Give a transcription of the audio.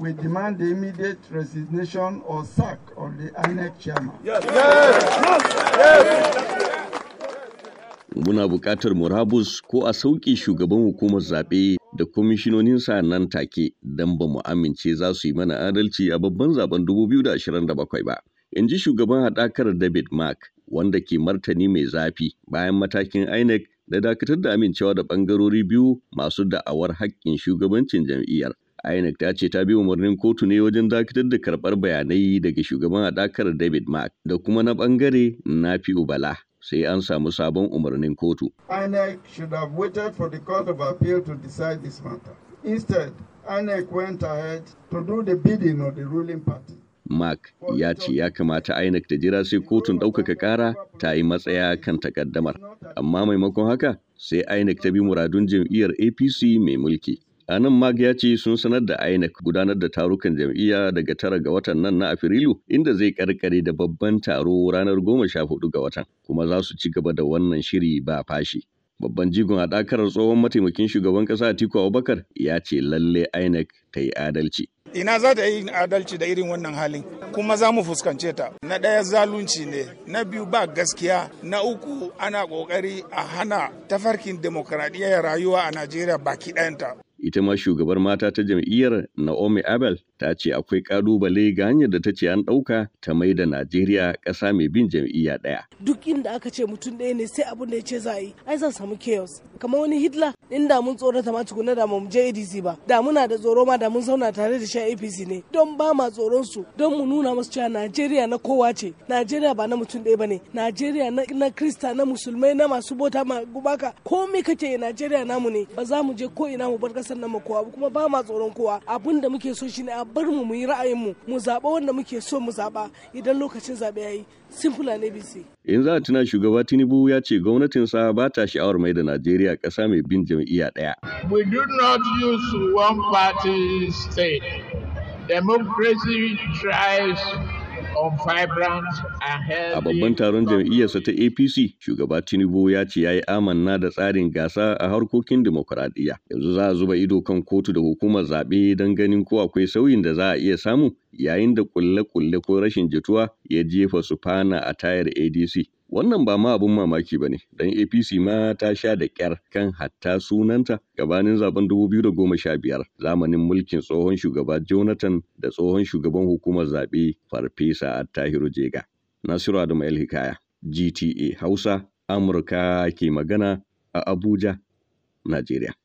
we demand the immediate resignation or sack of the INEC chairman. Yes. Yes. Muna buƙatar murabus ko a sauƙi shugaban hukumar zaɓe da kwamishinoninsa nan take don ba mu amince za su yi mana adalci a babban zaben 2027 ba. In ji shugaban haɗakar David Mark wanda ke martani mai zafi bayan matakin INEC da dakatar da amincewa da ɓangarori biyu masu da'awar haƙƙin shugabancin jam'iyyar. INEC ta ce ta bi umarnin kotu ne wajen dakatar da karbar bayanai daga shugaban haɗakar David Mark da kuma na ɓangare fi Ubala. sai an samu sabon umarnin kotu. should have waited for the Court to decide this matter. Instead, went ahead to do Mark ya ce ya kamata INEC ta jira sai kotun ɗaukaka ƙara ta yi matsaya kan takaddamar, amma maimakon haka sai INEC ta bi muradun jam'iyyar APC mai mulki. Anan Mag ya ce sun sanar da INEC gudanar da tarukan jam'iyya daga tara ga watan nan na Afrilu inda zai karkare da babban taro ranar goma sha hudu ga watan kuma za su ci gaba da wannan shiri ba fashi. Babban jigon haɗakar tsohon mataimakin shugaban ƙasa Atiku Abubakar ya ce lalle INEC ta yi adalci. Ina za ta yi adalci da irin wannan halin kuma za mu fuskance ta. Na ɗaya zalunci ne, na biyu ba gaskiya, na uku ana ƙoƙari a hana tafarkin demokaradiyya rayuwa a Najeriya baki ɗayanta. ita ma shugabar mata ta jam'iyyar Naomi Abel ta ce akwai ƙalubale ga hanyar da ta ce an ɗauka ta mai da Najeriya kasa mai bin jam'iyya ɗaya. Duk inda aka ce mutum ɗaya ne sai abin da ya ce za a yi, ai za samu chaos. Kamar wani Hitler in da mun tsoro tsorata ma tukuna da mu je ADC ba, da muna da tsoro ma da mun zauna tare da shi APC ne, don ba ma tsoron su, don mu nuna musu cewa Najeriya na kowa ce, Najeriya ba na mutum ɗaya ba ne, Najeriya na Krista na Musulmai na masu bota ma gubaka, komai kake Najeriya namu ne, ba za mu je ko ina mu bar ƙasa kasar nan mu kowa kuma ba ma tsoron kowa abin da muke so shine a bar mu muyi ra'ayin mu mu zaɓa wanda muke so mu zaɓa idan lokacin zaɓe yayi simple ne bc in za a tuna shugaba tinubu ya ce gwamnatinsa ba ta sha'awar mai da najeriya ƙasa mai bin jam'iyya ɗaya we do not use one party state democracy tries A babban taron jam'iyyarsa ta APC, shugaba Tinubu ya ce ya yi amanna da tsarin gasa a harkokin demokuraɗiyya. Yanzu za a zuba ido kan kotu da hukumar zaɓe don ganin ko akwai sauyin da za a iya samu yayin da kulle-kulle ko rashin jituwa ya jefa su fana a tayar ADC. Wannan ba ma abun mamaki ba ne, don APC ma ta sha da ƙyar kan hatta sunanta gabanin zaben 2015 zamanin mulkin tsohon shugaba Jonathan da tsohon shugaban hukumar zaɓe Farfesa Attahiru Jega. Nasiru Adamu El Hikaya, GTA Hausa, Amurka ke magana a Abuja, Najeriya.